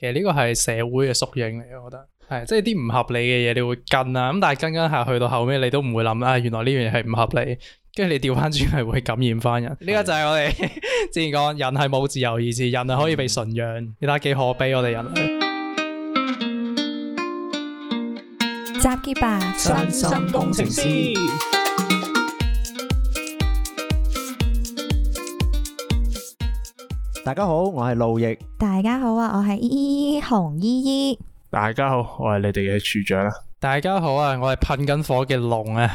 其實呢個係社會嘅縮影嚟，我覺得係即係啲唔合理嘅嘢，你會跟啊。咁但係跟跟下去到後尾，你都唔會諗啊。原來呢樣嘢係唔合理，跟住你調翻轉係會感染翻人。呢個就係我哋是 之前講人係冇自由意志，人係可以被馴養，你睇下、嗯、幾可悲我哋人類。集結吧，身心工程師。大家好，我係路易。大家好啊，我係依依紅依依。大家好，我係你哋嘅處長啊。大家好，大家好噴啊，我係噴緊火嘅龍啊。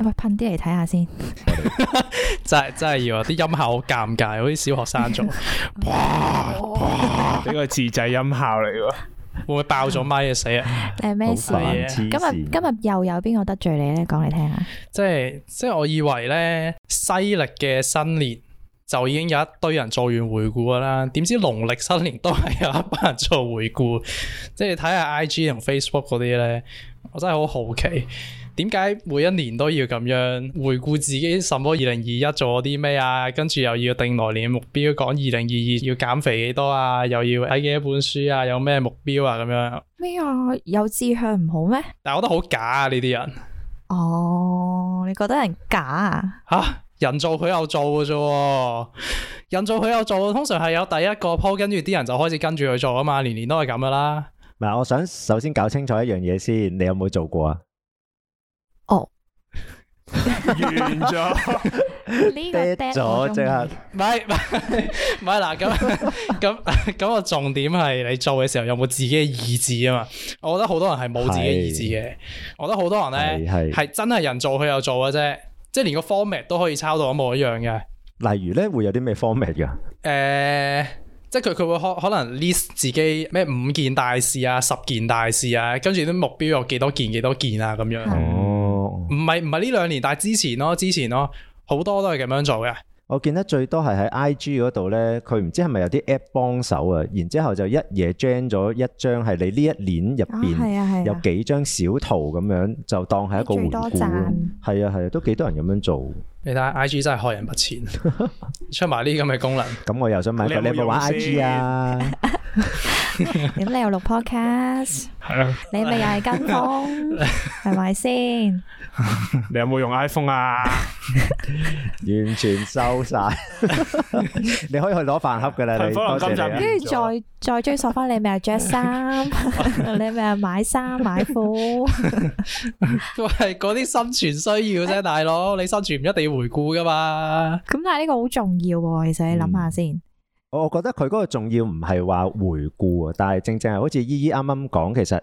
喂，噴啲嚟睇下先。 真係真係要啊，啲音效好尷尬，好似小學生做。哇 哇，呢個自製音效嚟噶， 會唔會爆咗麥死啊！好咩、 啊、今日今日又有邊個得罪你咧？講嚟聽下。即係即係，我以為咧西曆嘅新年，就已經有一堆人做完回顧㗎啦，點知農曆新年都係有一班人做回顧，即係睇下 IG 同 Facebook 嗰啲咧，我真係好好奇，點解每一年都要咁樣回顧自己什麼二零二一做啲咩啊？跟住又要定來年嘅目標，講二零二二要減肥幾多啊？又要睇幾多本書啊？有咩目標啊？咁樣咩啊？有志向唔好咩？但我覺得好假啊，呢啲人。哦，oh，你覺得人假啊？吓、啊？人做佢又做嘅啫，人做佢又做，通常係有第一個鋪，跟住啲人就開始跟住佢做啊嘛，年年都係咁噶啦。唔、嗯、我想首先搞清楚一樣嘢先，你有冇做過 啊？哦，完咗，跌咗，即係唔係，唔係，嗱，咁，咁，咁個重點係你做嘅時候有冇自己嘅意志啊嘛？我覺得好多人係冇自己意志嘅，是我覺得好多人咧係真係人做佢又做嘅啫。即係連個 format 都可以抄到一模一樣嘅。例如咧，會有啲咩 format 嘅？誒、欸，即係佢佢會可可能 list 自己咩五件大事啊、十件大事啊，跟住啲目標有幾多件、幾多件啊咁樣。哦，唔係唔係呢兩年，但係之前咯，之前咯，好多都係咁樣做嘅。我見得最多係喺 IG 嗰度咧，佢唔知係咪有啲 app 幫手啊，然之後就一嘢 gen 咗一張係你呢一年入邊有幾張小圖咁樣，就當係一個回顧咯。係啊係啊，啊，啊，啊，都幾多人咁樣做。你睇下，I G 真係害人不淺，出埋呢啲咁嘅功能，咁我又想問，你有冇玩 I G 啊？點解又錄 Podcast？係啊，你咪又係跟風，係咪先？你有冇用 iPhone 啊？完全收晒，你可以去攞飯盒噶啦，你多謝。跟住再再追溯翻，你咪係着衫，你咪買衫買褲，都係嗰啲生存需要啫，大佬，你生存唔一定。回顧噶嘛？咁但係呢個好重要喎，其實你諗下先。我我覺得佢嗰個重要唔係話回顧，但係正正係好似姨姨啱啱講，其實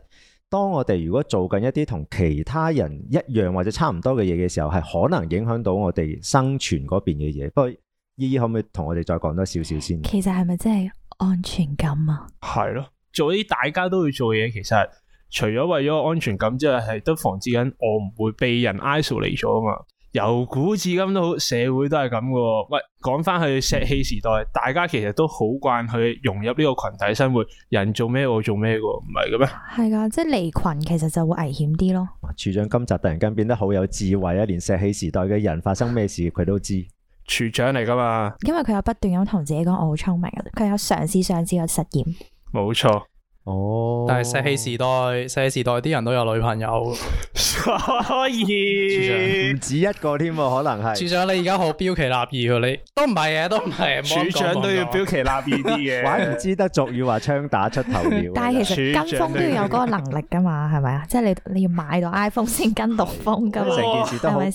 當我哋如果做緊一啲同其他人一樣或者差唔多嘅嘢嘅時候，係可能影響到我哋生存嗰邊嘅嘢。不過姨姨可唔可以同我哋再講多少少先？其實係咪真係安全感啊？係咯，做啲大家都會做嘅嘢，其實除咗為咗安全感之外，係都防止緊我唔會被人 isolate 嚟咗啊嘛。由古至今都好，社會都係咁嘅。喂，講翻去石器時代，大家其實都好慣去融入呢個群體生活，人做咩我做咩嘅喎，唔係嘅咩？係噶，即係離群其實就會危險啲咯。處長今集突然間變得好有智慧啊！連石器時代嘅人發生咩事佢都知，處長嚟噶嘛？因為佢有不斷咁同自己講我好聰明，佢有嘗試上次嘅實驗。冇錯。哦，但係石器時代，石器時代啲人都有女朋友，所以唔長 止一個添啊，可能係。 處長你而家好標奇立異喎，你 都唔係啊，都唔係。處長都要標奇立異啲嘅，還唔知得俗語話槍打出頭鳥。 但係其實跟風都要有嗰個能力噶嘛，係咪啊？即係你你要買到 iPhone 先跟到風噶嘛， 成件事都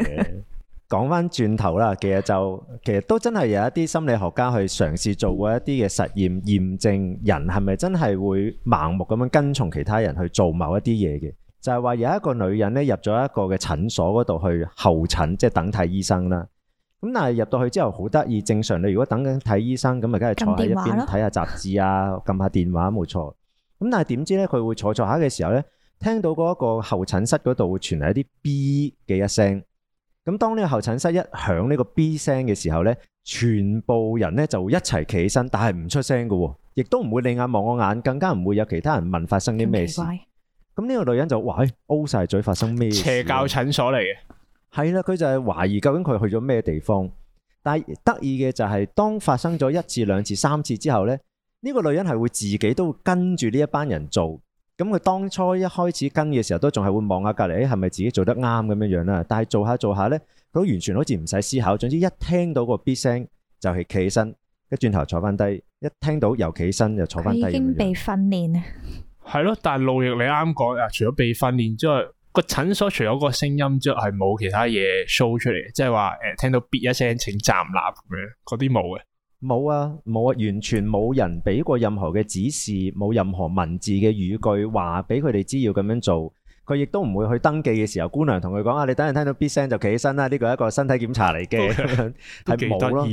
先？ 講翻轉頭啦，其實就其實都真係有一啲心理學家去嘗試做過一啲嘅實驗，驗證人係咪真係會盲目咁樣跟從其他人去做某一啲嘢嘅。就係話有一個女人咧，入咗一個嘅診所嗰度去候診，即係等睇醫生啦。咁但係入到去之後好得意，正常你如果等緊睇醫生咁，咪梗係坐喺一邊睇下雜誌啊，撳下電話，冇錯。咁但係點知咧，佢會坐坐下嘅時候咧，聽到嗰一個候診室嗰度傳嚟一啲 B 嘅一聲。咁當呢個候診室一響呢個 B 聲嘅時候咧，全部人咧就會一齊企起身，但係唔出聲嘅，亦都唔會你眼望我眼，更加唔會有其他人問發生啲咩事。咁呢個女人就哇，哎，O 晒嘴，發生咩邪教診所嚟嘅？係啦，佢就係懷疑究竟佢去咗咩地方。但係得意嘅就係，當發生咗一次、兩次、三次之後咧，呢個女人係會自己都跟住呢一班人做。咁佢當初一開始跟嘅時候，都仲係會望下隔離，係咪自己做得啱咁樣樣啦。但係做下做下咧，佢都完全好似唔使思考。總之一聽到個 B 聲，就係企起身，一轉頭坐翻低；一聽到又企起身，又坐翻低。佢已經被訓練啊。係咯，但係路易你啱講啊，除咗被訓練之外，個診所除咗個聲音之外，係冇其他嘢 show 出嚟，即係話誒聽到 B 一聲請站立咁樣，嗰啲冇嘅。冇啊，冇啊，完全冇人俾過任何嘅指示，冇任何文字嘅語句話俾佢哋知要咁樣做。佢亦都唔會去登記嘅時候，姑娘同佢講啊，你等陣聽到 B 聲就企起身啦，呢、這個係一個身體檢查嚟嘅，係冇咯。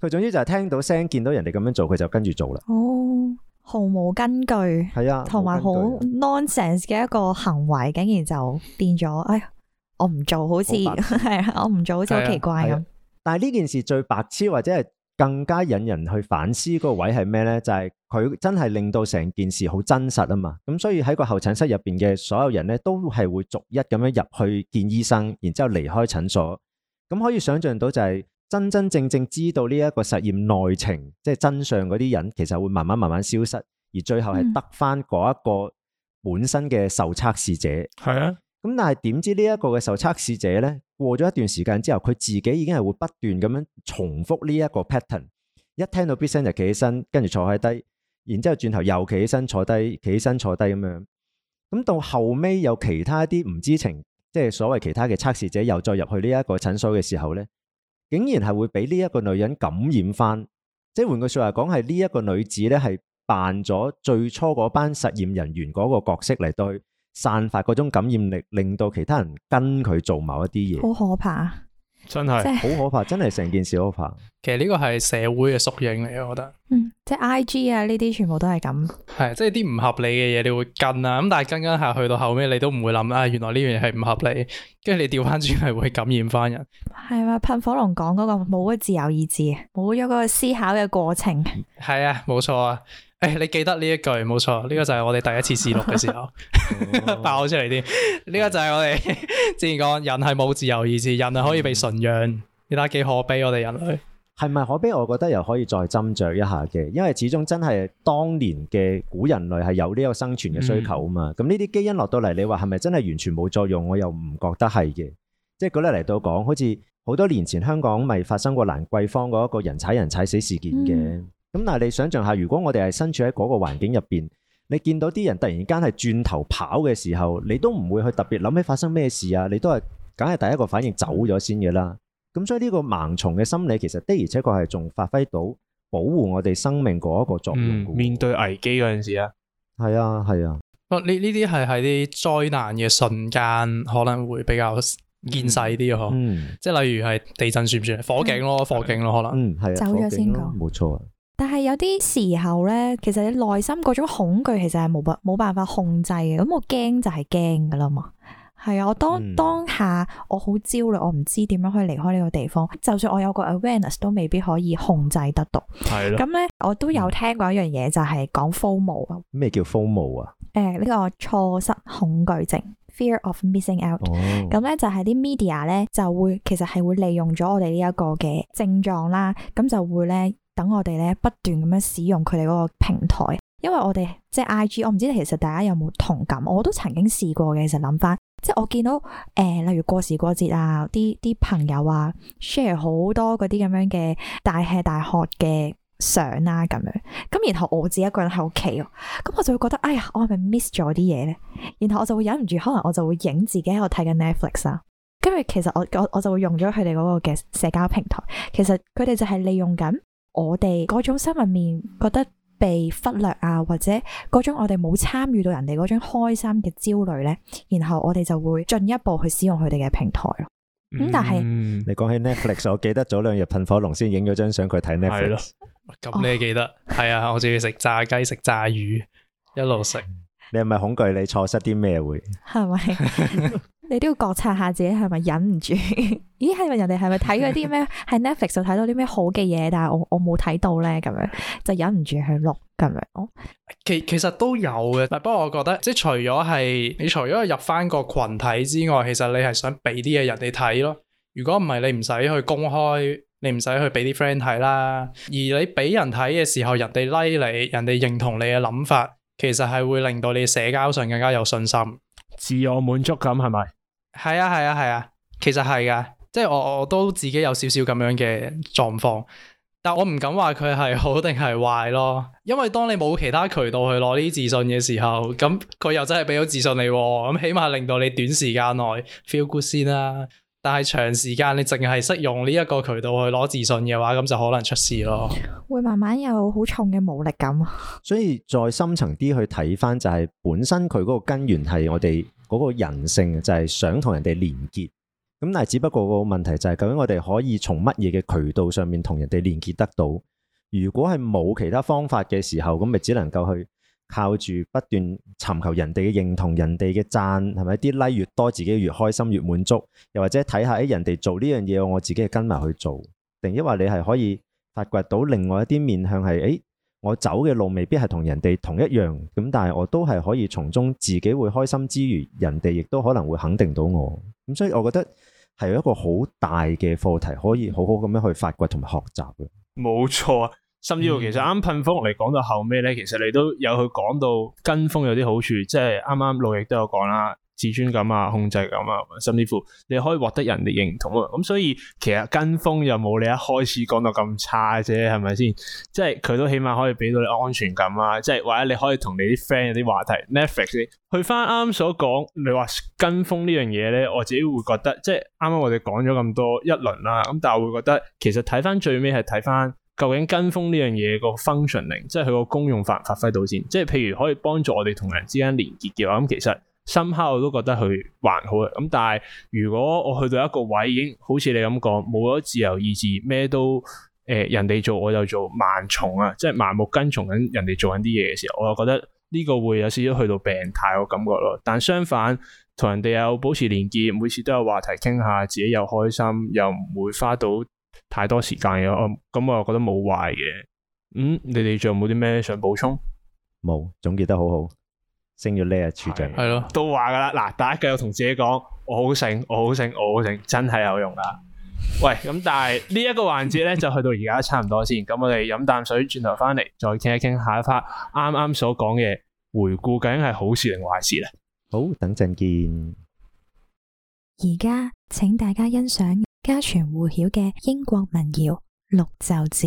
佢樣 總之就係聽到聲、見到人哋咁樣做，佢就跟住做啦。哦，毫無根據，係啊，同埋好 nonsense 嘅一個行為，竟然就變咗。哎呀，我唔做好似係 啊，我唔做好似好奇怪咁、啊。但係呢件事最白痴或者係？更加引人去反思嗰個位係咩咧？就係、是、佢真係令到成件事好真實啊嘛！咁所以喺個候診室入邊嘅所有人咧，都係會逐一咁樣入去見醫生，然之後離開診所。咁可以想像到就係、是、真真正正知道呢一個實驗內情，即係真相嗰啲人，其實會慢慢慢慢消失，而最後係得返嗰一個本身嘅受測試者。係啊、嗯。 咁但係點知呢一個嘅受測試者咧，過咗一段時間之後，佢自己已經係會不斷咁樣重複呢一個 pattern。一聽到 B 聲就企起身，跟住坐喺低，然之後轉頭又企起身坐低，企起身坐低咁樣。咁到後尾有其他啲唔知情，即係所謂其他嘅測試者又再入去呢一個診所嘅時候咧，竟然係會俾呢一個女人感染翻。即係換句說話講，係呢一個女子咧係扮咗最初嗰班實驗人員嗰個角色嚟對。散發嗰種感染力，令到其他人跟佢做某一啲嘢，好可怕，真係好可怕，真係成件事可怕。其實呢個係社會嘅縮影嚟，我覺得，嗯，即係 IG 啊，呢啲全部都係咁，係即係啲唔合理嘅嘢，你會跟啊。咁但係跟跟下去到後尾，你都唔會諗啊，原來呢樣嘢係唔合理，跟住你調翻轉係會感染翻人，係、嗯、啊，噴火龍講嗰個冇個自由意志，冇咗嗰個思考嘅過程，係啊，冇錯啊。誒、哎，你記得呢一句冇錯，呢個就係我哋第一次試錄嘅時候 爆出嚟啲，呢個就係我哋是的 之前講人係冇自由意志，人係可以被馴養，你睇幾可悲，我哋人類係咪可悲？我覺得又可以再斟酌一下嘅，因為始終真係當年嘅古人類係有呢個生存嘅需求啊嘛。咁呢啲基因落到嚟，你話係咪真係完全冇作用？我又唔覺得係嘅，即係舉例嚟到講，好似好多年前香港咪發生過蘭桂坊嗰一個人踩人踩死事件嘅。嗯咁嗱，但你想象下，如果我哋係身處喺嗰個環境入邊，你見到啲人突然間係轉頭跑嘅時候，你都唔會去特別諗起發生咩事啊，你都係梗係第一個反應走咗先嘅啦。咁所以呢個盲從嘅心理，其實的而且確係仲發揮到保護我哋生命嗰一個作用，對啊對啊對啊。面對危機嗰陣時對啊，係啊係啊。哦，呢呢啲係喺啲災難嘅瞬間可能會比較見細啲嘅嗬。即、嗯、係、嗯、例如係地震算唔算？火警咯，火警咯，可能。嗯，係。走咗先。冇錯啊。但係有啲時候咧，其實你內心嗰種恐懼，其實係冇辦冇辦法控制嘅。咁我驚就係驚噶啦嘛，係啊。我當、嗯、當下我好焦慮，我唔知點樣可以離開呢個地方。就算我有個 awareness，都未必可以控制得到。係咯的。咁咧，我都有聽過一樣嘢，嗯、就係講 FOMO 啊。咩叫 FOMO 啊？誒，呢個錯失恐懼症 （Fear of missing out）、哦。咁咧就係啲 media 咧就會其實係會利用咗我哋呢一個嘅症狀啦，咁就會咧。等我哋咧，不斷咁樣使用佢哋嗰個平台，因為我哋即係、就是、IG，我唔知其實大家有冇同感，我都曾經試過嘅。其實諗翻，即係我見到誒、呃，例如過時過節啊，啲啲朋友啊 share 好多嗰啲咁樣嘅大吃大喝嘅相啊，咁樣，咁然後我自己一個人喺屋企，咁我就會覺得，哎呀，我係咪 miss 咗啲嘢呢？然後我就會忍唔住，可能我就會影自己喺度睇緊 Netflix 啊，跟住其實我我我就會用咗佢哋嗰個嘅社交平台，其實佢哋就係利用緊。我哋嗰種心入面覺得被忽略啊，或者嗰種我哋冇參與到人哋嗰種開心嘅焦慮咧，然後我哋就會進一步去使用佢哋嘅平台咯。咁、嗯、但係是你講起 Netflix， 我記得早兩日噴火龍先影咗張相佢睇 Netflix，咁你記得係、oh. 啊？我仲要食炸雞食炸魚，一路食。 你係咪恐懼你錯失啲咩會？係咪？ 你都要覺察下自己係咪忍唔住？ 咦，係咪人哋係咪睇咗啲咩？喺 Netflix 就睇到啲咩好嘅嘢，但係我我冇睇到咧，咁樣就忍唔住去錄，咁樣哦，其其實都有嘅，不過我覺得即係除咗係，你除咗入翻個群體之外，其實你係想俾啲嘢人哋睇咯。如果唔係，你唔使去公開，你唔使去俾啲 friend 睇啦。而你俾人睇嘅時候，人哋 like 你，人哋認同你嘅諗法，其實係會令到你社交上更加有信心、自我滿足感，係咪？係啊，係啊，係啊，其實係噶，即係我我都自己有少少咁樣嘅狀況，但我唔敢話佢係好定係壞咯，因為當你冇其他渠道去攞呢啲自信嘅時候，咁佢又真係俾咗自信你，咁起碼令到你短時間內 feel good 先啦。但係長時間你淨係適用呢一個渠道去攞自信嘅話，咁就可能出事咯。會慢慢有好重嘅無力感。所以再深層啲去睇翻，就係本身佢嗰個根源係我哋。嗰個人性就係想同人哋連結，咁但係只不過個問題就係究竟我哋可以從乜嘢嘅渠道上面同人哋連結得到？如果係冇其他方法嘅時候，咁咪只能夠去靠住不斷尋求人哋嘅認同、人哋嘅讚，係咪啲 like 越多，自己越開心越滿足？又或者睇下、哎、人哋做呢樣嘢，我自己跟埋去做，定抑或你係可以發掘到另外一啲面向係？哎我走嘅路未必係同人哋同一樣，咁但係我都係可以從中自己會開心之餘，人哋亦都可能會肯定到我，咁所以我覺得係一個好大嘅課題，可以好好咁樣去發掘同埋學習嘅。冇錯啊，甚至乎其實啱啱噴風嚟講、嗯、到後尾咧，其實你都有去講到跟風有啲好處，即係啱啱路易都有講啦。自尊感啊，控制感啊，甚至乎你可以獲得人哋認同啊，咁、嗯、所以其實跟風又冇你一開始講到咁差啫，係咪先？即係佢都起碼可以俾到你安全感啊，即係或者你可以同你啲 friend 有啲話題。Netflix，去翻啱啱所講，你話跟風呢樣嘢咧，我自己會覺得，即係啱啱我哋講咗咁多一輪啦、啊，咁但係我會覺得其實睇翻最尾係睇翻究竟跟風呢樣嘢個 functioning，即係佢個功用法有冇發發揮到先，即係譬如可以幫助我哋同人之間連結嘅話，咁、嗯、其實。深刻我都覺得佢還好嘅，咁但係如果我去到一個位已經好似你咁講，冇咗自由意志，咩都誒、呃、人哋做我就做，盲從啊，即係盲目跟從緊人哋做緊啲嘢嘅時候，我又覺得呢個會有少少去到病態嘅感覺咯。但相反同人哋有保持連結，每次都有話題傾下，自己又開心又唔會花到太多時間嘅，咁、啊、我又覺得冇壞嘅。嗯，你哋仲有冇啲咩想補充？冇，總結得好好。正要呢一處嘅，係咯，的都話噶啦。嗱，第一句又同自己講，我好醒，我好醒，我好醒，真係有用啦。 喂，咁但係呢一個環節咧，就去到而家差唔多先。咁 我哋飲啖水，轉頭翻嚟再傾一傾，下一 part 啱啱所講嘅回顧究竟係好事定壞事呢。好，等陣見。而家請大家欣賞家傳戶曉嘅英國民謠《綠袖子》。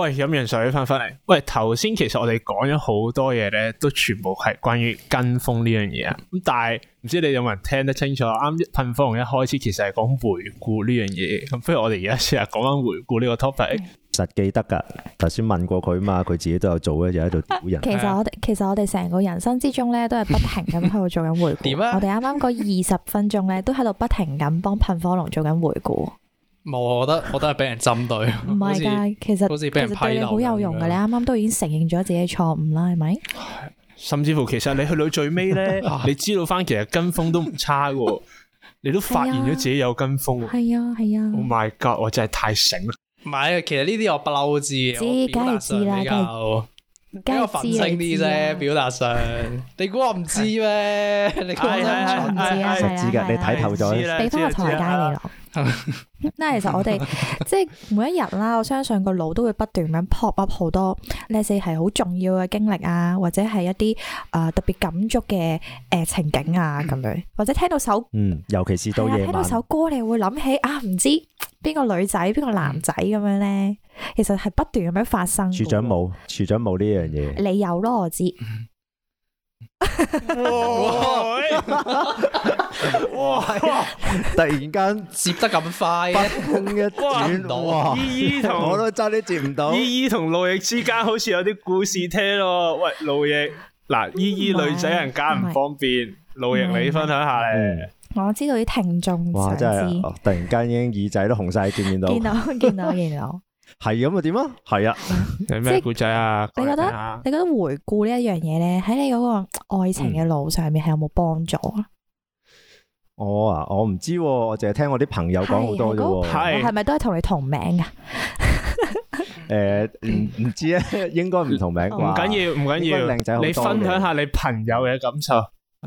喂，飲完水翻返嚟。喂，頭先其實我哋講咗好多嘢咧，都全部係關於跟風呢樣嘢啊。咁、嗯、但係唔知你有冇人聽得清楚？啱噴火龍一開始其實係講回顧呢樣嘢。咁不如我哋而家試下講翻回顧呢個 topic。實記得㗎，頭先問過佢嘛，佢自己都有做嘅，就喺度人 其。其實我哋其實我哋成個人生之中咧，都係不停咁喺度做緊回顧。點 啊？我哋啱啱嗰二十分鐘咧，都喺度不停咁幫噴火龍做緊回顧。冇，我覺得，我都係俾人針對。唔係噶，其實好似俾人批咗，其實對你好有用噶。你啱啱都已經承認咗自己錯誤啦，係咪？甚至乎，其實你去到最尾咧，你知道翻其實跟風都唔差噶，你都發現咗自己有跟風。係啊係啊。Oh my god！我真係太醒啦。唔係，其實呢啲我不嬲都知嘅，表達上比較比較憤青啲啫。表達上，你估我唔知咩？你我唔知啊，我識字你睇頭咗。俾翻個台階你咯。那 其實我哋即係每一日啦，我相信個腦都會不斷咁 pop up 好多，呢啲係好重要嘅經歷啊，或者係一啲誒、呃、特別感觸嘅誒情景啊，咁樣、嗯、或者聽到首嗯，尤其是到夜晚聽到首歌，你會諗起啊，唔知邊個女仔邊個男仔咁樣咧，嗯、其實係不斷咁樣發生處。處長冇，處長冇呢樣嘢，你有咯，我知。嗯哇，突然間接得咁快，忽空一轉落。依依同我都爭啲接唔到。姨姨同陸亦之間好似有啲故事聽咯。喂，陸亦，嗱，姨姨女仔人家唔方便，陸亦你分享下咧。我知道啲聽眾哇，真係突然間已經耳仔都紅晒，見唔見到？見到，見到，見到。係咁啊？點啊 即？係啊！有咩故仔啊？你覺得 你覺得回顧呢一樣嘢咧，喺你嗰個愛情嘅路上面，係有冇幫助？嗯嗯哦、我啊，我唔知，我淨係聽我啲朋友講好多啫、啊。係係咪都係同你同名噶、啊？誒、 呃，唔唔知咧、啊，應該唔同名啩。唔緊要，唔緊要。靚仔，你分享下你朋友嘅感受。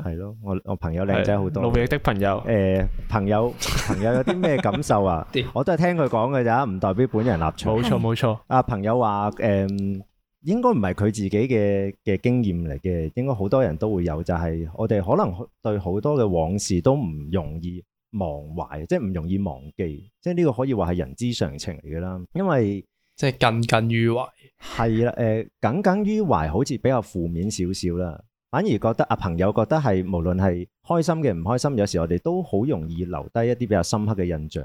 係咯，我我朋友靚仔好多。努力的朋友，誒、呃，朋友朋友有啲咩感受啊？ 我都係聽佢講嘅咋，唔代表本人立場。冇錯冇錯。啊，朋友話，誒、呃，應該唔係佢自己嘅嘅經驗嚟嘅，應該好多人都會有，就係、是、我哋可能對好多嘅往事都唔容易忘懷，即係唔容易忘記，即係呢個可以話係人之常情嚟嘅啦。因為即係耿耿於懷係啦，誒，耿耿於懷好似比較負面少少啦。反而覺得啊，朋友覺得係無論係開心嘅唔開心，有時我哋都好容易留低一啲比較深刻嘅印象。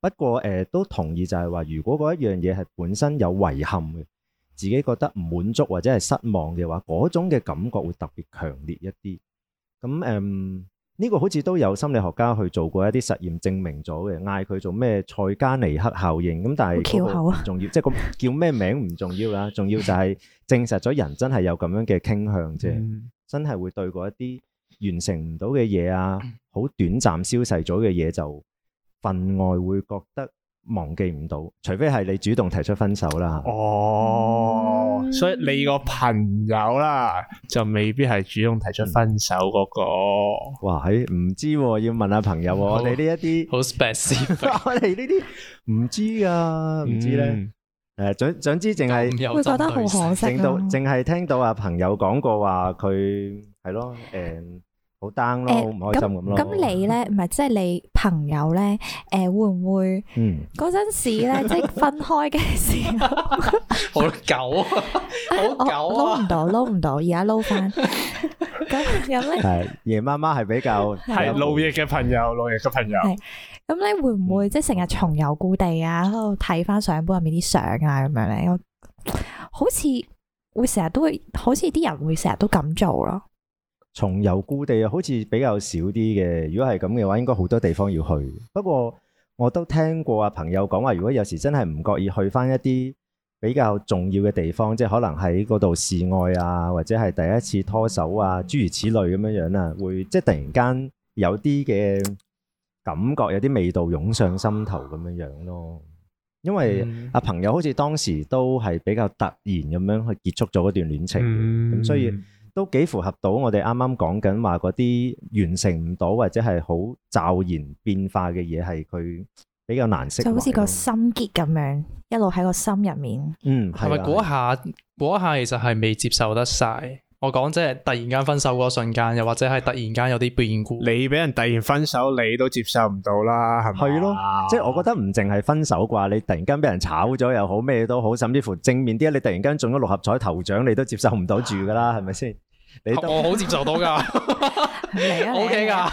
不過誒，都同意就係話，如果嗰一樣嘢係本身有遺憾嘅，自己覺得唔滿足或者係失望嘅話，嗰種嘅感覺會特別強烈一啲。咁誒，呢個好似都有心理學家去做過一啲實驗證明咗嘅，嗌佢做咩塞加尼克效應。咁但係嗰個唔重要，即係個叫咩名唔重要啦，重要就係證實咗人真係有咁樣嘅傾向啫。真係會對嗰一啲完成唔到嘅嘢啊，好短暫消逝咗嘅嘢就分外會覺得忘記唔到，除非係你主動提出分手啦。哦，嗯、所以你個朋友啦，就未必係主動提出分手嗰、嗰個、嗯嗯。哇，係、哎、唔知、啊、要問下朋友、啊，好我哋 specific、 啊、呢一啲好 specific 我哋呢啲唔知噶，唔知咧。誒，總總之淨係，會覺得好可惜啊！淨係聽到阿朋友講過話，佢係咯，誒、嗯。好 down 咯，好唔開心咁咯。咁咁你咧，唔係即係你朋友咧，誒，會唔會？嗯，嗰陣時咧，即係分開嘅時候，好狗啊，好狗啊，撈唔到，撈唔到，而家撈翻。咁有咩？係夜媽媽係比較係老亦嘅朋友，老亦嘅朋友。係咁，你會唔會即係成日重遊故地啊？喺度睇翻相本入面啲相啊，咁樣咧，好似會成日都會，好似啲人會成日都咁做咯。重遊故地啊，好似比較少啲嘅。如果係咁嘅話，應該好多地方要去。不過我都聽過啊，朋友講話，如果有時真係唔覺意去翻一啲比較重要嘅地方，即係可能喺嗰度示愛啊，或者係第一次拖手啊，諸如此類咁樣樣啦，會即係突然間有啲嘅感覺，有啲味道湧上心頭咁樣樣咯。因為啊朋友，好似當時都係比較突然咁樣去結束咗嗰段戀情，咁、嗯、所以。都幾符合到我哋啱啱講緊話嗰啲完成唔到或者係好驟然變化嘅嘢，係佢比較難釋懷。就好似個心結咁樣，一路喺個心入面。嗯，係咪嗰下嗰下其實係未接受得晒。我講即係突然間分手嗰瞬間，又或者係突然間有啲變故， 你俾人突然分手，你都接受唔到啦，係咪？係咯，即係我覺得唔淨係分手啩，你突然間俾人炒咗又好，咩都好，甚至乎正面啲，你突然間中咗六合彩頭獎，你都接受唔到住㗎啦，係咪先？我好接受到噶，OK 噶，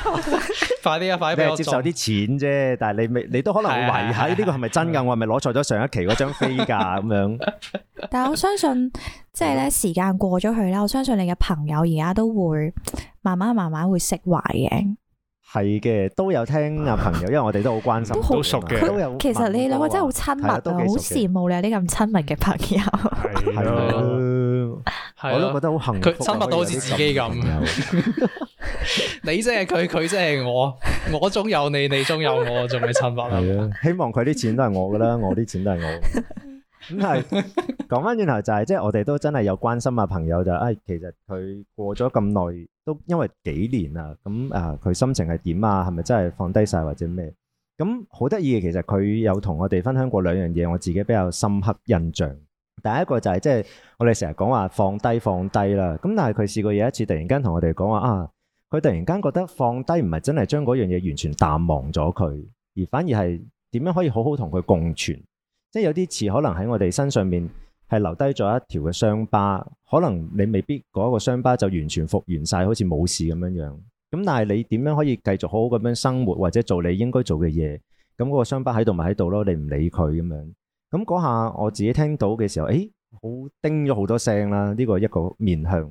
快啲啊，快啲俾我接受啲錢啫。但係你未，你都可能會懷疑喺呢個係咪真噶，我係咪攞錯咗上一期嗰張飛噶咁樣？但係我相信，即係咧時間過咗去咧，我相信你嘅朋友而家都會慢慢慢慢會釋懷嘅。係嘅，都有聽啊朋友，因為我哋都好關心，好熟嘅。都有其實你兩個真係好親密，好羨慕你有啲咁親密嘅朋友。係咯。我都覺得好幸福，親密到好似自己咁。你即係佢，佢即係我，我中有你，你中有我，仲未親密啦。希望佢啲錢都係我噶啦，我啲錢都係我。咁係講翻轉頭就係，即係我哋都真係有關心啊朋友就，誒其實佢過咗咁耐，都因為幾年啦，咁啊佢心情係點啊？係咪真係放低晒或者咩？咁好得意嘅，其實佢有同我哋分享過兩樣嘢，我自己比較深刻印象。第一個就係即係我哋成日講話放低放低啦，咁但係佢試過有一次突然間同我哋講話啊，佢突然間覺得放低唔係真係將嗰樣嘢完全淡忘咗佢，而反而係點樣可以好好同佢共存，即係有啲似可能喺我哋身上面係留低咗一條嘅傷疤，可能你未必嗰個傷疤就完全復原晒，好似冇事咁樣樣。咁但係你點樣可以繼續好好咁樣生活或者做你應該做嘅嘢？咁嗰個傷疤喺度咪喺度咯，你唔理佢咁樣。咁嗰下我自己聽到嘅時候，誒、哎、好叮咗好多聲啦！呢、這個一個面向。咁、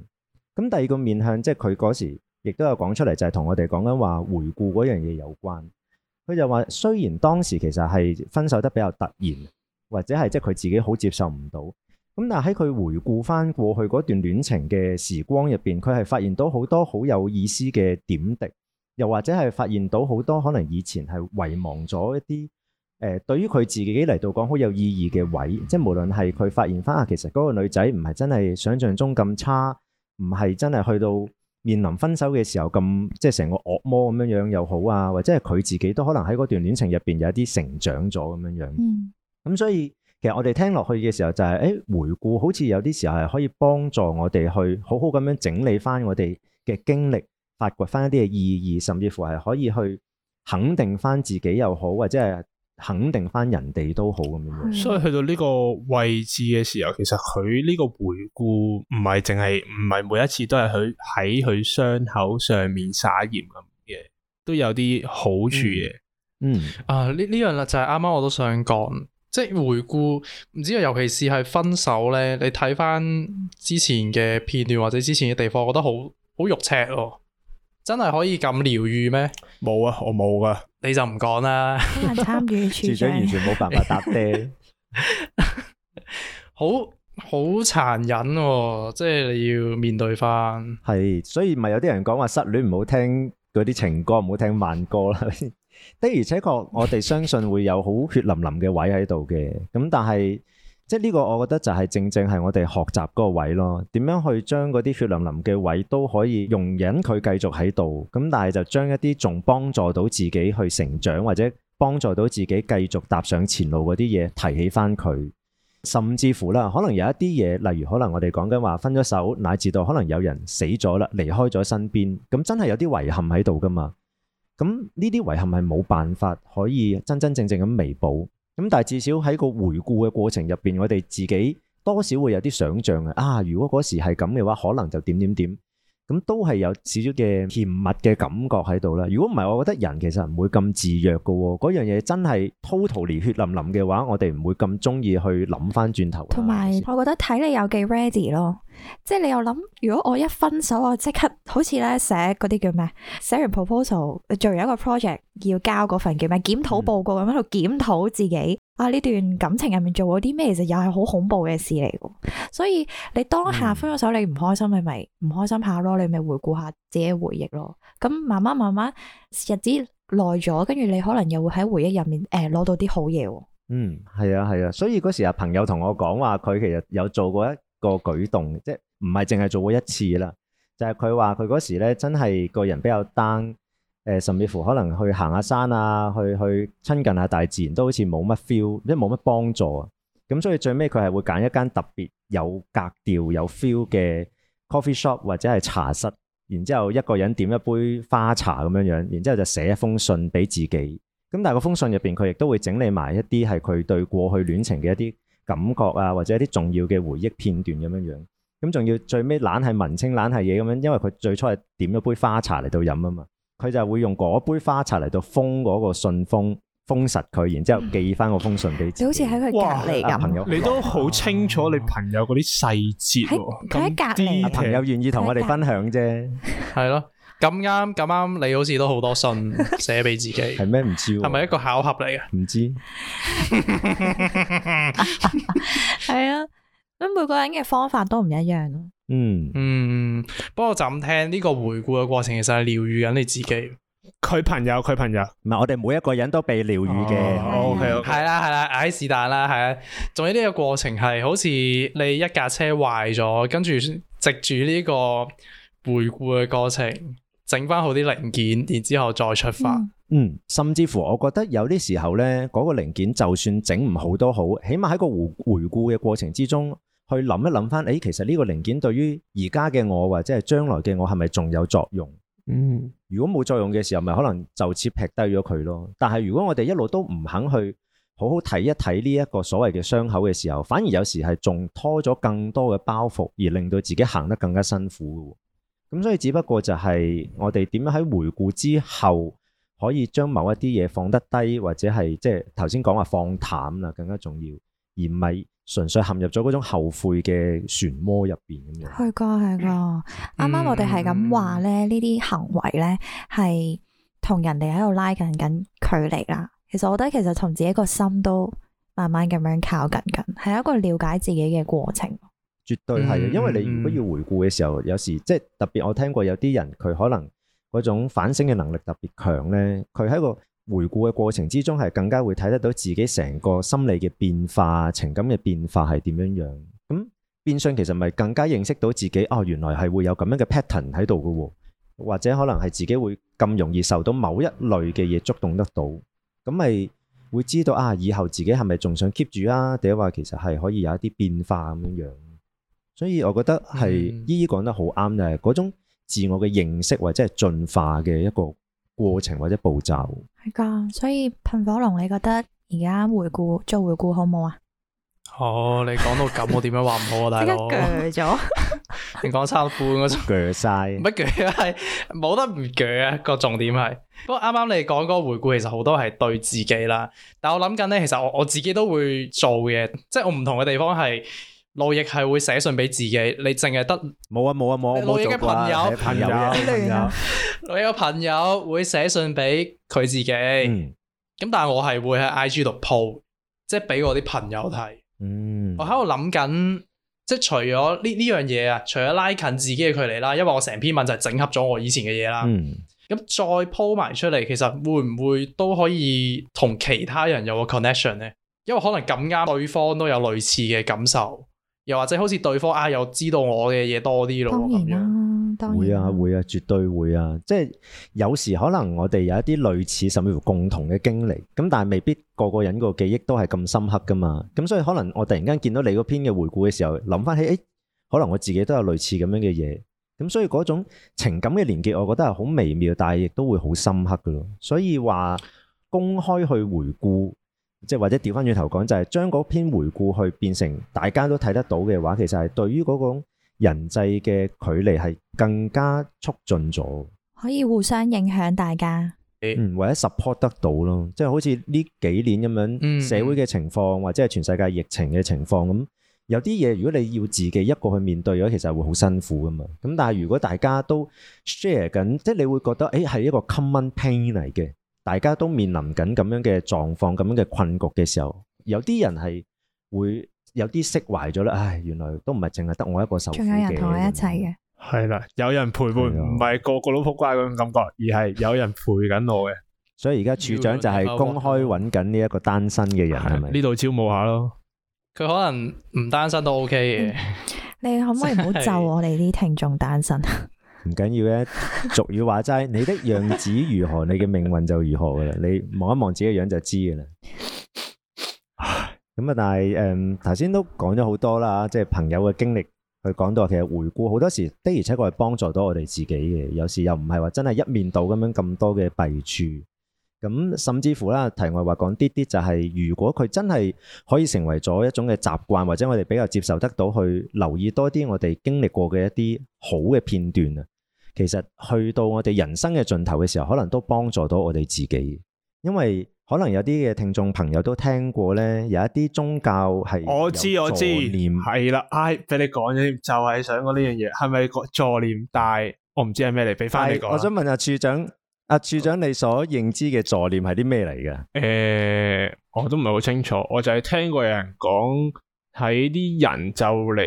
嗯、第二個面向，即係佢嗰時亦都有講出嚟，就係同我哋講緊話回顧嗰樣嘢有關。佢就話，雖然當時其實係分手得比較突然，或者係即係佢自己好接受唔到。咁但係喺佢回顧返過去嗰段戀情嘅時光入邊，佢係發現到好多好有意思嘅點滴，又或者係發現到好多可能以前係遺忘咗一啲。誒、呃，對於佢自己嚟到講好有意義嘅位，即係無論係佢發現翻啊，其實嗰個女仔唔係真係想像中咁差，唔係真係去到面臨分手嘅時候咁，即係成個惡魔咁樣樣又好啊，或者係佢自己都可能喺嗰段戀情入邊有一啲成長咗咁樣樣。咁、嗯嗯、所以其實我哋聽落去嘅時候就係、是，誒、哎、回顧好似有啲時候係可以幫助我哋去好好咁樣整理翻我哋嘅經歷，發掘翻一啲嘅意義，甚至乎係可以去肯定翻自己又好，或者係。肯定翻人哋都好咁樣，嗯、所以去到呢個位置嘅時候，其實佢呢個回顧唔係淨係唔係每一次都係佢喺佢傷口上面撒鹽咁嘅，都有啲好處嘅、嗯。嗯啊，呢呢樣啦就係啱啱我都想講，即係回顧唔知啊，尤其是係分手咧，你睇翻之前嘅片段或者之前嘅地方，我覺得好好肉赤咯、哦，真係可以咁療愈咩？冇啊，我冇噶、啊。你就唔講啦，自 己完全冇辦法答爹，好好殘忍啊，即係你要面對翻。係， 所以咪有啲人講話失戀唔好聽嗰啲情歌，唔好聽慢歌啦。 的而且確，我哋相信會有好血淋淋嘅位喺度嘅。咁但係。即係呢個，我覺得就係正正係我哋學習嗰個位咯。點樣去將嗰啲血淋淋嘅位都可以容忍佢繼續喺度，咁但係就將一啲仲幫助到自己去成長或者幫助到自己繼續踏上前路嗰啲嘢提起返佢，甚至乎啦，可能有一啲嘢，例如可能我哋講緊話分咗手，乃至到可能有人死咗啦，離開咗身邊，咁真係有啲遺憾喺度㗎嘛。咁呢啲遺憾係冇辦法可以真真正正咁彌補。咁但係至少喺個回顧嘅過程入邊，我哋自己多少會有啲想象啊。如果嗰時係咁嘅話，可能就點點點。咁都係有少少嘅甜蜜嘅感覺喺度啦。如果唔係，我覺得人其實唔會咁自虐嘅喎。嗰樣嘢真係 totally 血淋淋嘅話，我哋唔會咁中意去諗翻轉頭。同埋我覺得睇你有幾 ready 咯，即係你又諗，如果我一分手，我即刻好似咧寫嗰啲叫咩，寫完 proposal 做完一個 project 要交嗰份叫咩檢討報告咁樣去檢討自己。嗯。啊！呢段感情入面做咗啲咩，其實又係好恐怖嘅事嚟嘅。所以你當下分咗手，嗯、你唔開心，你咪唔開心下咯。你咪回顧下自己嘅回憶咯。咁慢慢慢慢日子耐咗，跟住你可能又會喺回憶入面誒攞到啲好嘢。嗯，係、嗯、啊，係啊。所以嗰時啊，朋友同我講話，佢其實有做過一個舉動，即係唔係淨係做過一次啦，就係佢話佢嗰時咧真係個人比較 down。誒、呃，甚至乎可能去行下山啊，去去親近下大自然，都好似冇乜 feel，即冇乜幫助啊。咁所以最尾佢係會揀一間特別有格調、有 feel 嘅 coffee shop 或者係茶室，然之後一個人點一杯花茶咁樣樣，然之後就寫一封信俾自己。咁但係個封信入邊，佢亦都會整理埋一啲係佢對過去戀情嘅一啲感覺啊，或者一啲重要嘅回憶片段咁樣樣。咁仲要最尾懶係文青懶係嘢咁樣，因為佢最初係點一杯花茶嚟到飲啊嘛。佢就會用嗰杯花茶嚟到封嗰個信封，封實佢，然之後寄翻個封信俾你好似喺佢隔離咁。哇朋友，你都好清楚你朋友嗰啲細節喎。喺隔離，哎呵啊、朋友願意同我哋分享啫。係咯，咁啱咁啱，你好似都好多信寫俾自己。係咩？ 唔知係咪一個巧合嚟嘅？唔知。係啊。 咁每個人嘅方法都唔一樣咯。嗯嗯，不過就咁聽呢個回顧嘅過程，其實係療愈緊你自己。佢朋友，佢朋友，唔係我哋每一個人都被療愈嘅。O K O K，係啦係啦，哎是但啦係啦。仲有呢個過程係好似你一架車壞咗，跟住藉住呢個回顧嘅過程，整翻好啲零件，然之後再出發。嗯，嗯，甚至乎我覺得有啲時候呢，嗰個零件就算整唔好都好，起碼喺個回回顧嘅過程之中去諗一諗翻，誒、欸、其實呢個零件對於而家嘅我或者係將來嘅我係咪仲有作用？嗯、mm，hmm. 如果冇作用嘅時候，咪可能就此劈低咗佢咯。但係如果我哋一路都唔肯去好好睇一睇呢一個所謂嘅傷口嘅時候，反而有時係仲拖咗更多嘅包袱，而令到自己行得更加辛苦。咁所以，只不過就係我哋點樣喺回顧之後，可以將某一啲嘢放得低，或者係即係頭先講話放淡啦，更加重要，而唔係。純粹陷入咗嗰種後悔嘅漩渦入邊咁樣。係啩，係啩。啱啱我哋係咁話咧，呢啲行為咧係同人哋喺度拉近緊距離啦。其實我覺得其實從自己個心都慢慢咁樣靠近緊，係一個了解自己嘅過程。絕對係，因為你如果要回顧嘅時候，有時即係特別，我聽過有啲人佢可能嗰種反省嘅能力特別強咧，佢喺個。回顧嘅過程之中，係更加會睇得到自己成個心理嘅變化、情感嘅變化係點樣樣。咁變相其實咪更加認識到自己，哦，原來係會有咁樣嘅 pattern 喺度嘅喎，或者可能係自己會咁容易受到某一類嘅嘢觸動得到。咁咪會知道啊，以後自己係咪仲想 keep 住啊？定話其實係可以有一啲變化咁樣樣。所以我覺得係、嗯、依依講得好啱嘅，嗰種自我嘅認識或者係進化嘅一個過程或者步驟係噶，所以噴火龍你覺得而家回顧做回顧好冇啊？哦，你講到咁， 我點樣話唔好啊？大佬攰咗？ 你講差半個鐘攰晒，乜係攰係冇得唔攰啊？個重點係，不過啱啱你講嗰個回顧，其實好多係對自己啦。但我諗緊咧，其實我我自己都會做嘅，即係我唔同嘅地方係。路易係會寫信俾自己，你淨係得冇啊冇啊冇冇做啊！我有、啊、朋友，朋友，朋友，路易嘅朋友會寫信俾佢自己。咁、嗯、但係我係會喺 I G 度 po 即係俾我啲朋友睇。嗯、我喺度諗緊，即係除咗呢呢樣嘢，啊，除咗拉近自己嘅距離啦，因為我成篇文就係整合咗我以前嘅嘢啦。咁、嗯、再 po 埋出嚟，其實會唔會都可以同其他人有個 connection 咧？因為可能咁啱，對方都有類似嘅感受。又或者好似對方啊，又知道我嘅嘢多啲咯，會啊會啊，絕對會啊！即係有時可能我哋有一啲類似，甚至乎共同嘅經歷，咁但係未必個個人個記憶都係咁深刻噶嘛。咁所以可能我突然間見到你嗰篇嘅回顧嘅時候，諗翻起誒、哎，可能我自己都有類似咁樣嘅嘢。咁所以嗰種情感嘅連結，我覺得係好微妙，但係亦都會好深刻噶咯。所以話公開去回顧。即係或者調翻轉頭講，就係將嗰篇回顧去變成大家都睇得到嘅話，其實係對於嗰種人際嘅距離係更加促進咗，可以互相影響大家，嗯，或者 support 得到咯。即係好似呢幾年咁樣嗯嗯，社會嘅情況，或者係全世界疫情嘅情況咁，有啲嘢如果你要自己一個去面對嘅其實會好辛苦噶嘛。咁但係如果大家都 share 緊，即係你會覺得誒係、欸、一個 common pain 嚟嘅。大家都面臨緊咁樣嘅狀況、咁樣嘅困局嘅時候，有啲人係會有啲釋懷咗啦。唉，原來都唔係淨係得我一個受苦嘅，仲有人同我一齊嘅。係啦，有人陪伴唔係個個都撲街嗰種感覺，而係有人陪緊我嘅。所以而家處長就係公開揾緊呢一個單身嘅人，係咪？呢度招募下咯。佢可能唔單身都 OK 嘅。你可唔可以唔好咒我哋啲聽眾單身？唔緊要嘅，俗語話齋，你的樣子如何，你嘅命運就如何噶啦。你望一望自己嘅樣子就知噶啦。咁 但係誒，頭、嗯、先都講咗好多啦，即、就、係、是、朋友嘅經歷，去講到其實回顧好多時候的而且確係幫助到我哋自己嘅。有時候又唔係話真係一面倒咁樣咁多嘅弊處。咁甚至乎啦，題外話講啲啲就係，如果佢真係可以成為咗一種嘅習慣，或者我哋比較接受得到去留意多啲我哋經歷過嘅一啲好嘅片段啊，其實去到我哋人生嘅盡頭嘅時候，可能都幫助到我哋自己，因為可能有啲嘅聽眾朋友都聽過咧，有一啲宗教係我知我知，念係啦，哎，俾你講咗，就係、是、想講呢樣嘢，係咪個助念？但係我唔知係咩嚟，俾翻你講。我想問下處長。阿處長，你所認知嘅助念係啲咩嚟嘅？誒、呃，我都唔係好清楚，我就係聽過有人講喺啲人就嚟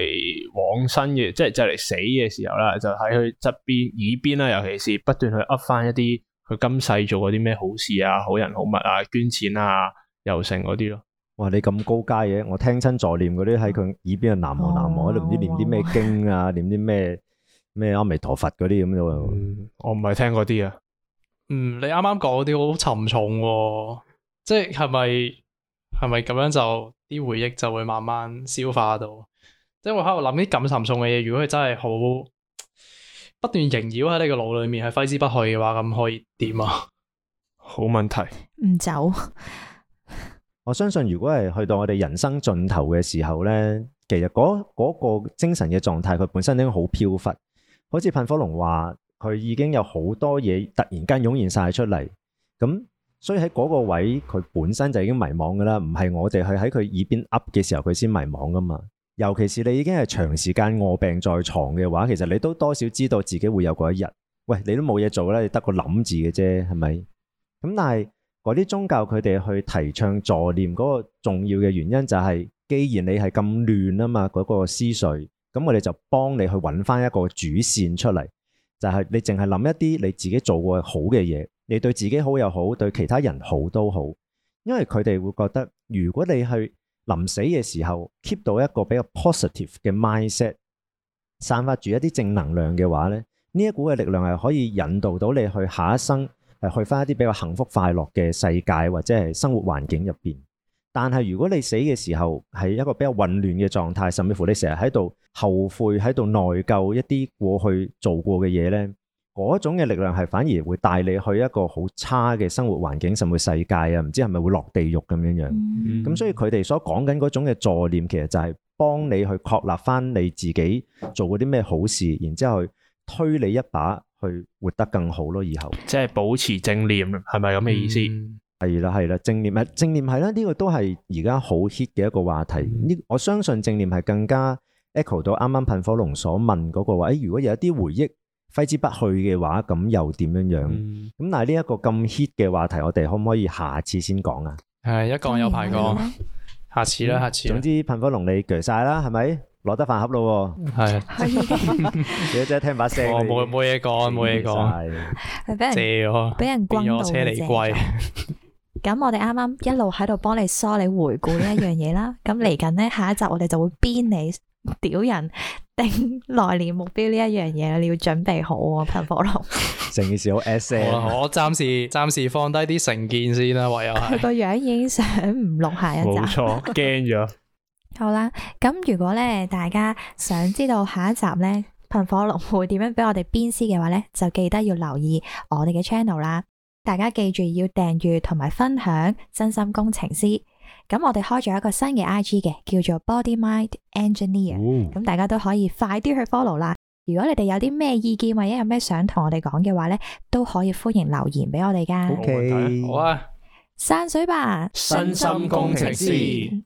往生嘅，即係就嚟死嘅時候啦，就喺佢側邊耳邊啦，尤其是不斷去噏翻一啲佢今世做過啲咩好事啊、好人好物啊、捐錢啊，又剩嗰啲咯。哇！你咁高階嘅，我聽親助念嗰啲喺佢耳邊啊，喃喃喃喃喺度，唔知念啲咩經啊，哦哦、念啲咩咩阿彌陀佛嗰啲咁樣。我唔係聽過啲啊。嗯，你啱啱講嗰啲好沉重喎，即係係咪係咪咁樣就啲回憶就會慢慢消化到？即係我喺度諗啲咁沉重嘅嘢，如果佢真係好不斷縈繞喺你個腦裏面，係揮之不去嘅話，咁可以點啊？好問題，唔走。我相信如果係去到我哋人生盡頭嘅時候咧，其實嗰嗰、嗰個精神嘅狀態，佢本身應該好飄忽，好似噴火龍話。佢已經有好多嘢突然間湧現晒出嚟，咁所以喺嗰個位佢本身就已經迷茫噶啦，唔係我哋係喺佢耳邊噏嘅時候佢先迷茫噶嘛。尤其是你已經係長時間卧病在床嘅話，其實你都多少知道自己會有嗰一日。喂，你都冇嘢做咧，你得個諗字嘅啫，係咪？咁但係嗰啲宗教佢哋去提倡助念嗰個重要嘅原因就係，既然你係咁亂啊嘛，嗰個思緒，咁我哋就幫你去揾翻一個主線出嚟。就係你淨係諗一啲你自己做過的好嘅嘢，你對自己好又好，對其他人好都好，因為佢哋會覺得，如果你去臨死嘅時候 keep 到一個比較 positive 嘅 mindset，散發住一啲正能量嘅話咧，呢一股嘅力量係可以引導到你去下一生，係去返一啲比較幸福快樂嘅世界或者係生活環境入邊。但係如果你死嘅時候係一個比較混亂嘅狀態，甚至乎你成日喺度後悔、喺度內疚一啲過去做過嘅嘢咧，嗰種嘅力量係反而會帶你去一個好差嘅生活環境，甚至世界啊，唔知係咪會落地獄咁樣樣。咁、嗯、所以佢哋所講緊嗰種嘅助念，其實就係幫你去確立翻你自己做過啲咩好事，然之後推你一把去活得更好咯，以後。即係保持正念，係咪咁嘅意思？嗯係啦，係啦，正念咪正念係啦，呢、這個都係而家好 hit 嘅一個話題。呢、嗯、我相信正念係更加 echo 到啱啱噴火龍所問嗰、那個話。誒、哎，如果有一啲回憶揮之不去嘅話，咁又點樣樣？咁、嗯、但係呢一個咁 hit 嘅話題，我哋可唔可以下次先講啊？係一講有排講，下次啦，下次。總之噴火龍你鋸晒啦，係咪攞得飯盒咯？係，只只聽把聲。哦，冇冇嘢講，冇嘢講。借我，俾人轟到車釐櫃。 咁我哋啱啱一路喺度幫你梳理回顧呢一樣嘢啦，咁嚟緊咧下一集我哋就會鞭你屌人定來年目標呢一樣嘢，你要準備好啊！噴火龍成件事好 e s a 我暫時暫時放低啲成見先啦、啊，唯有佢個樣已經想唔錄下一集，冇錯，驚咗。 好啦，咁如果咧大家想知道下一集咧噴火龍會點樣俾我哋鞭屍嘅話咧，就記得要留意我哋嘅 channel 啦。大家記住要訂閱同埋分享真心工程師。咁我哋開咗一個新嘅 I G 嘅，叫做 Body Mind Engineer，哦。咁大家都可以快啲去 follow 啦。如果你哋有啲咩意見，或者有咩想同我哋講嘅話呢，都可以歡迎留言俾我哋㗎。O K 好啊，散水吧，身心工程師。